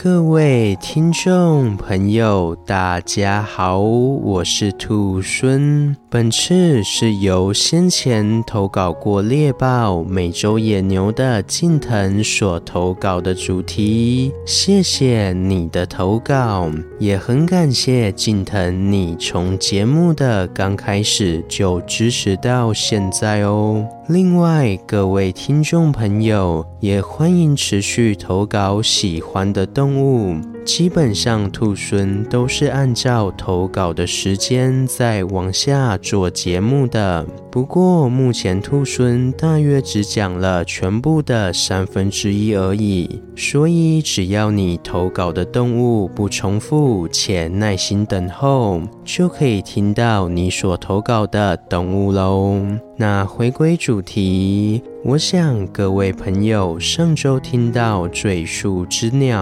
各位聽眾朋友，大家好，我是兔猻。本次是由先前投稿過獵豹、美洲野牛的近藤所投稿的主題，謝謝你的投稿，也很感謝近藤，你從節目的剛開始就支持到現在哦。另外，各位聽眾朋友。也歡迎持續投稿喜歡的動物。基本上，兔猻都是按照投稿的時間在往下做節目的。不過，目前兔猻大約只講了全部的三分之一而已。所以，只要你投稿的動物不重複，且耐心等候，就可以聽到你所投稿的動物嘍。那回歸主題，我想各位朋友上周聽到《最速之鳥》。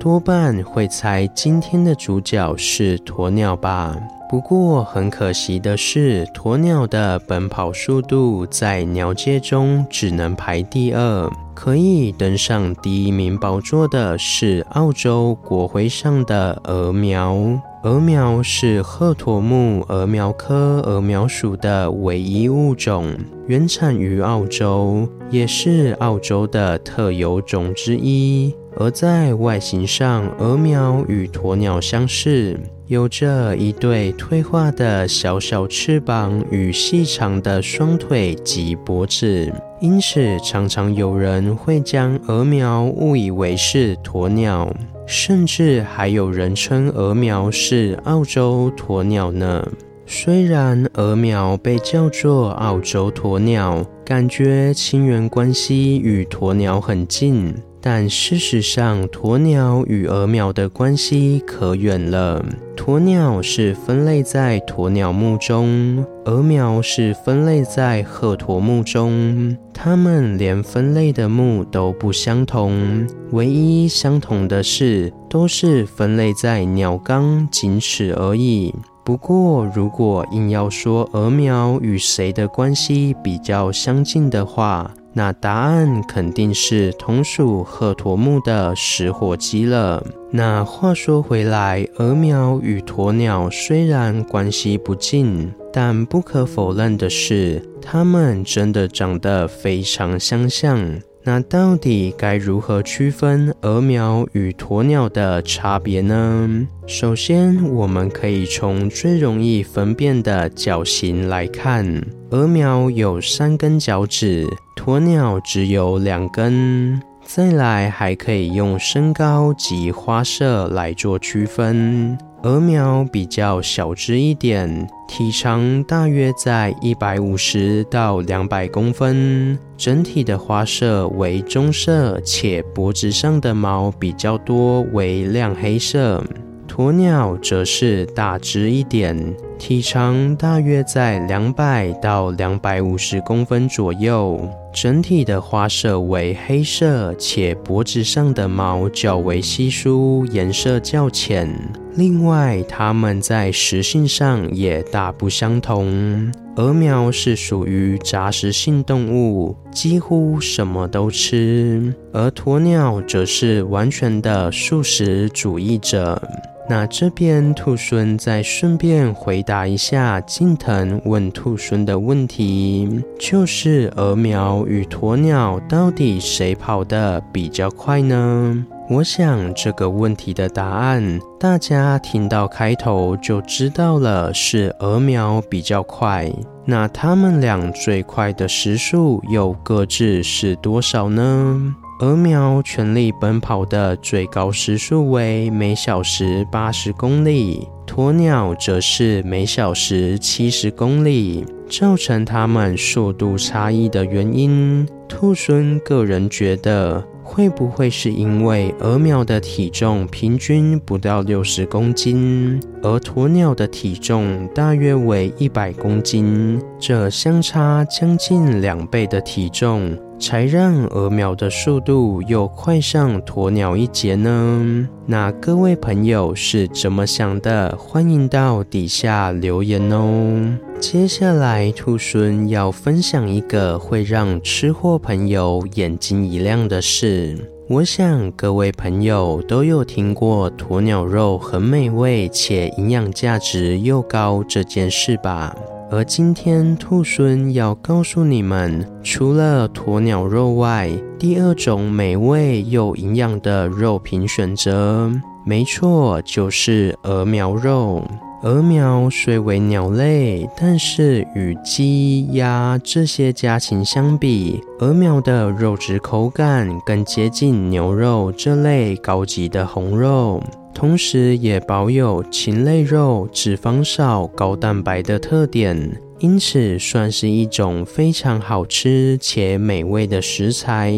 多半會猜今天的主角是鴕鳥吧？不過很可惜的是，鴕鳥的奔跑速度在鳥界中只能排第二。可以登上第一名寶座的是澳洲國徽上的鴯鶓。鴯鶓是鶴鴕目鴯鶓科鴯鶓屬的唯一物種，原產於澳洲，也是澳洲的特有種之一。而在外形上，鴯鶓與鴕鳥相似，有着一對退化的小小翅膀與細長的雙腿及脖子，因此常常有人會將鴯鶓誤以為是鴕鳥，甚至還有人稱鴯鶓是澳洲鴕鳥呢。雖然鴯鶓被叫做澳洲鴕鳥，感覺親緣關係與鴕鳥很近。但事實上，鴕鳥與鴯鶓的關係可遠了。鴕鳥是分類在鴕鳥目中，鴯鶓是分類在鶴鴕目中，它們連分類的目都不相同。唯一相同的是，都是分類在鳥綱，僅此而已。不過，如果硬要說鴯鶓與誰的關係比較相近的話，那答案肯定是同屬鶴鴕目的食火雞了。那話說回來，鴯鶓與鴕鳥雖然關係不近，但不可否認的是，它們真的長得非常相像。那到底該如何區分鴯鶓與鴕鳥的差別呢？首先，我們可以從最容易分辨的腳型來看，鴯鶓有三根腳趾，鴕鳥只有兩根。再來，還可以用身高及花色來做區分。鴯鶓比較小只一點，體長大約在一百五十到兩百公分，整體的花色為棕色，且脖子上的毛比較多，為亮黑色。鴕鳥則是大只一點，體長大約在兩百到兩百五十公分左右。整體的花色為黑色，且脖子上的毛較為稀疏，顏色較淺。另外，它們在食性上也大不相同。鴯鶓是屬於雜食性動物，幾乎什麼都吃，而鴕鳥則是完全的素食主義者。那這邊兔猻再順便回答一下近藤問兔猻的問題，就是鴯鶓與鴕鳥到底誰跑得比較快呢？我想這個問題的答案，大家聽到開頭就知道了，是鴯鶓比較快。那它們倆最快的時速又各自是多少呢？鴯鶓全力奔跑的最高時速為每小時八十公里，鴕鳥則是每小時七十公里。造成它們速度差異的原因，兔猻個人覺得會不會是因為鴯鶓的體重平均不到六十公斤，而鴕鳥的體重大約為一百公斤，這相差將近兩倍的體重。才讓鴯鶓的速度又快上鴕鳥一截呢？那各位朋友是怎麼想的？歡迎到底下留言哦。接下來兔猻要分享一個會讓吃貨朋友眼睛一亮的事。我想各位朋友都有聽過鴕鳥肉很美味且營養價值又高這件事吧？而今天，兔猻要告訴你們，除了鴕鳥肉外，第二種美味又營養的肉品選擇。沒錯，就是鴯鶓肉。鴯鶓雖為鳥類，但是與雞、鴨這些家禽相比，鴯鶓的肉質口感更接近牛肉這類高級的紅肉，同時也保有禽類肉脂肪少、高蛋白的特點，因此算是一種非常好吃且美味的食材。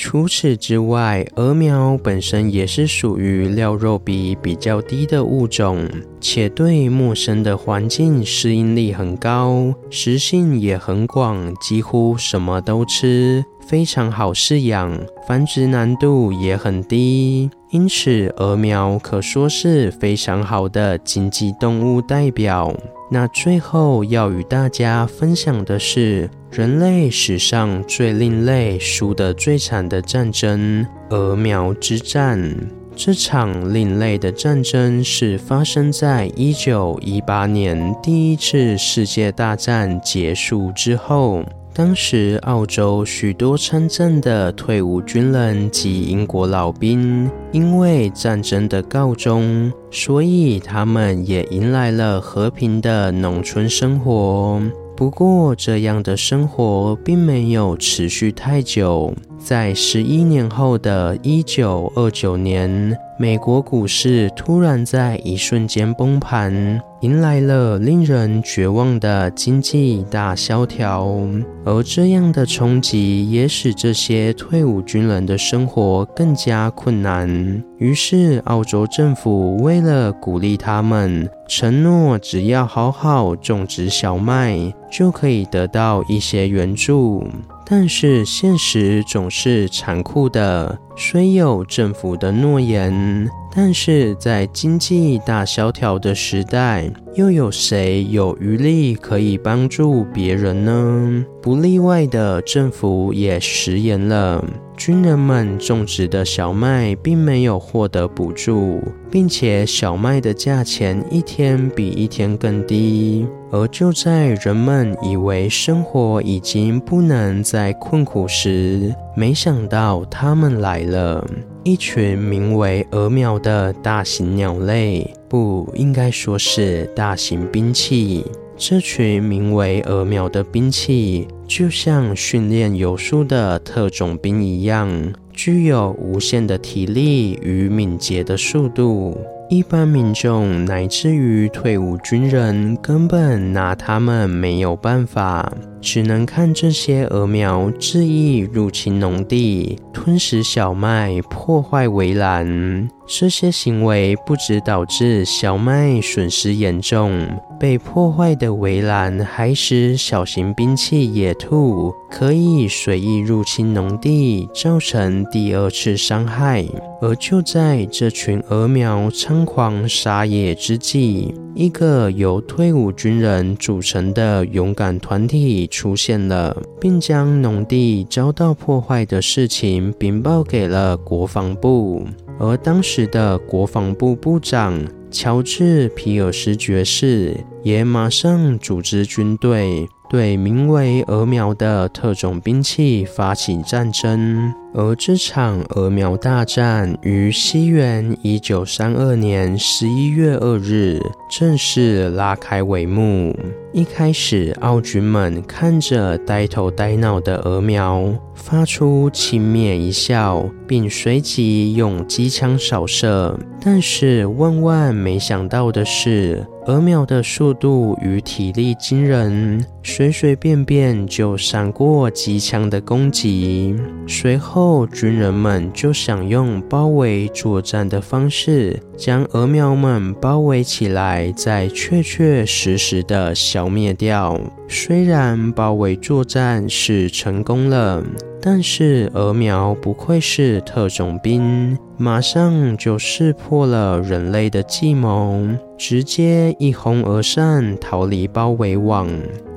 除此之外，鴯鶓本身也是屬於料肉比比較低的物種，且對陌生的環境適應力很高，食性也很廣，幾乎什麼都吃，非常好飼養，繁殖難度也很低，因此鴯鶓可說是非常好的經濟動物代表。那最後要與大家分享的是，人類史上最另類輸得最慘的戰爭——鴯鶓之戰。這場另類的戰爭是發生在一九一八年，第一次世界大戰結束之後。當時，澳洲許多參戰的退伍軍人及英國老兵，因為戰爭的告終，所以他們也迎來了和平的農村生活。不過，這樣的生活並沒有持續太久。在十一年後的一九二九年，美國股市突然在一瞬間崩盤，迎來了令人絕望的經濟大蕭條。而這樣的衝擊也使這些退伍軍人的生活更加困難。於是，澳洲政府為了鼓勵他們，承諾只要好好種植小麥，就可以得到一些援助。但是現實總是殘酷的，雖有政府的諾言，但是在經濟大蕭條的時代，又有誰有餘力可以幫助別人呢？不例外的政府也食言了。軍人們種植的小麥並沒有獲得補助，並且小麥的價錢一天比一天更低。而就在人們以為生活已經不能再困苦時，沒想到他們來了一群名為“鴯鶓”的大型鳥類，不應該說是大型兵器。這群名為“鴯鶓”的兵器。就像訓練有素的特種兵一樣，具有無限的體力與敏捷的速度。一般民眾乃至於退伍軍人根本拿他們沒有辦法，只能看這些鴯鶓恣意入侵農地，吞食小麥，破壞圍欄。這些行為不止導致小麥損失嚴重，被破壞的圍欄還使小型兵器野兔可以隨意入侵農地，造成第二次傷害。而就在這群鴯鶓瘋狂撒野之際，一個由退伍軍人組成的勇敢團體出現了，並將農地遭到破壞的事情禀報給了國防部。而當時的國防部部長喬治·皮爾斯爵士也馬上組織軍隊，對名為“鴯鶓”的特種兵器發起戰爭。而這場鴯鶓大戰於西元一九三二年十一月二日正式拉開帷幕。一開始，澳軍們看着呆頭呆腦的鴯鶓，發出輕蔑一笑，並隨即用機槍掃射。但是萬萬沒想到的是，鴯鶓的速度與體力驚人，隨隨便便就閃過機槍的攻擊。隨後，後軍人們就想用包圍作戰的方式，將鴯鶓們包圍起來，再確確實實的消滅掉。雖然包圍作戰是成功了，但是鴯鶓不愧是特種兵，馬上就識破了人類的計謀，直接一哄而散，逃離包圍網。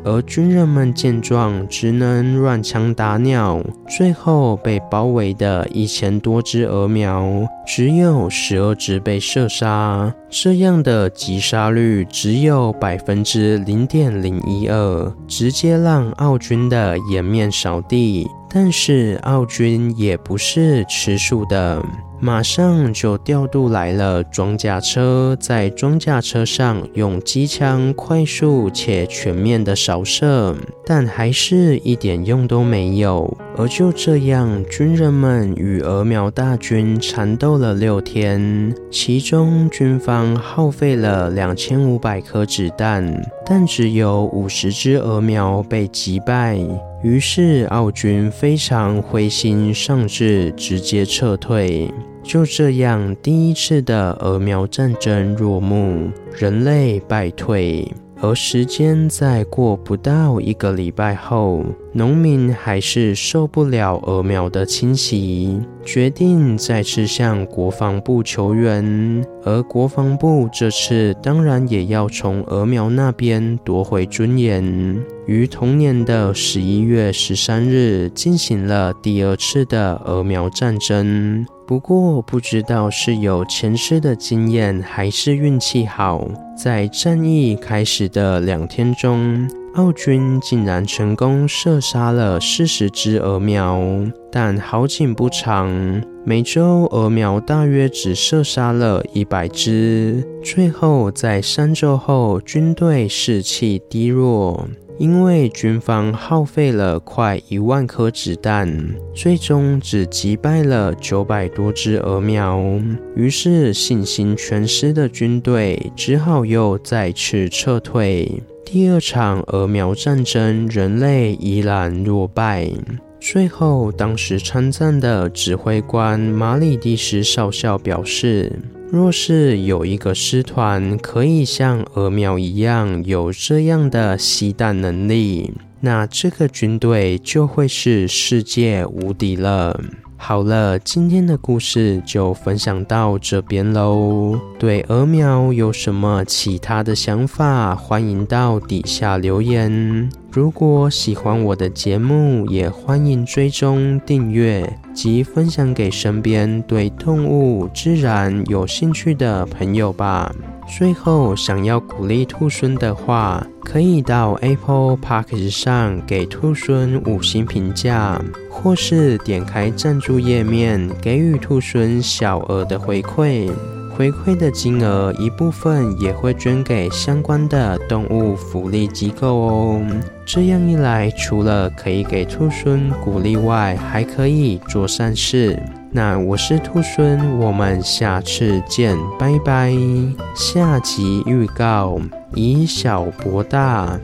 而軍人們見狀，只能亂槍打鳥。最後被包圍的一千多只鴯鶓，只有十二只被射殺，這樣的擊殺率只有百分之零點零一二，直接讓澳軍的顏面掃地。但是，澳軍也不是吃素的，馬上就調度來了裝甲車，在裝甲車上用機槍快速且全面的掃射，但還是一點用都沒有。而就這樣，軍人們與鴯鶓大軍纏鬥了六天，其中軍方耗費了兩千五百顆子彈，但只有五十隻鴯鶓被擊敗。於是，澳軍非常灰心喪志，直接撤退。就這樣，第一次的鴯鶓戰爭落幕，人類敗退。而時間再過不到一個禮拜後，農民還是受不了鴯鶓的侵襲，決定再次向國防部求援。而國防部這次當然也要從鴯鶓那邊奪回尊嚴，於同年的十一月十三日進行了第二次的鴯鶓戰爭。不過，不知道是有前世的經驗，還是運氣好。在戰役開始的兩天中，澳軍竟然成功射殺了四十隻鴯鶓，但好景不長，每周鴯鶓大約只射殺了一百隻。最後，在三周後，軍隊士氣低落。因為軍方耗費了快一萬顆子彈，最終只擊敗了九百多只鴯鶓，於是信心全失的軍隊只好又再次撤退。第二場鴯鶓戰爭，人類依然落敗。最後，當時參戰的指揮官馬里迪什少校表示。若是有一個師團可以像鴯鶓一樣有這樣的吸彈能力，那這個軍隊就會是世界無敵了。好了，今天的故事就分享到這邊嘍。對鴯鶓有什麼其他的想法，歡迎到底下留言。如果喜歡我的節目，也歡迎追蹤訂閱及分享給身邊對動物、自然有興趣的朋友吧。最後，想要鼓勵兔猻的話，可以到 Apple Podcast 上給兔猻五星評價，或是點開贊助頁面，給予兔猻小額的回饋。回饋的金額一部分也會捐給相關的動物福利機構哦。這樣一來，除了可以給兔猻鼓勵外，還可以做善事。那我是兔猻，我們下次見，拜拜。下集預告：以小博大。